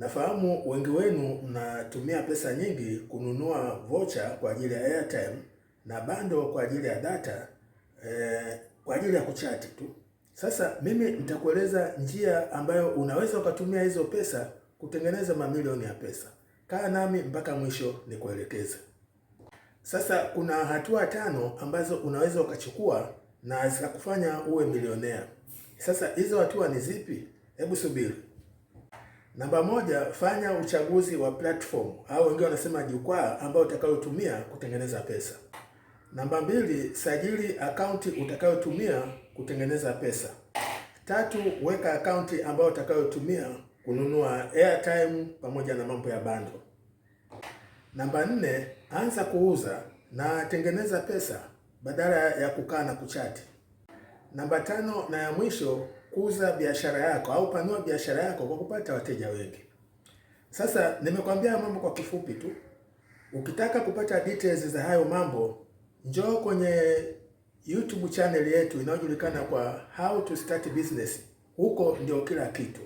Nafahamu wengi wenu mnatumia pesa nyingi kununua voucher kwa ajili ya airtime na bando kwa ajili ya data eh, kwa ajili ya kuchati tu. Sasa mimi nitakueleza njia ambayo unaweza ukatumia hizo pesa kutengeneza mamilioni ya pesa. Kaa nami mpaka mwisho nikuelekeze. Sasa kuna hatua tano ambazo unaweza ukachukua na zikakufanya uwe milionea. Sasa hizo hatua ni zipi? Hebu subiri. Namba moja, fanya uchaguzi wa platform au wengine wanasema jukwaa ambayo utakayotumia kutengeneza pesa. Namba mbili, sajili akaunti utakayotumia kutengeneza pesa. Tatu, weka akaunti ambayo utakayotumia kununua airtime pamoja na mambo ya bando. Namba nne, anza kuuza na tengeneza pesa badala ya kukaa na kuchati. Namba tano na ya mwisho kuza biashara yako au panua biashara yako kwa kupata wateja wengi. Sasa nimekwambia mambo kwa kifupi tu. Ukitaka kupata details za hayo mambo, njoo kwenye YouTube channel yetu inayojulikana kwa How to Start Business. Huko ndio kila kitu.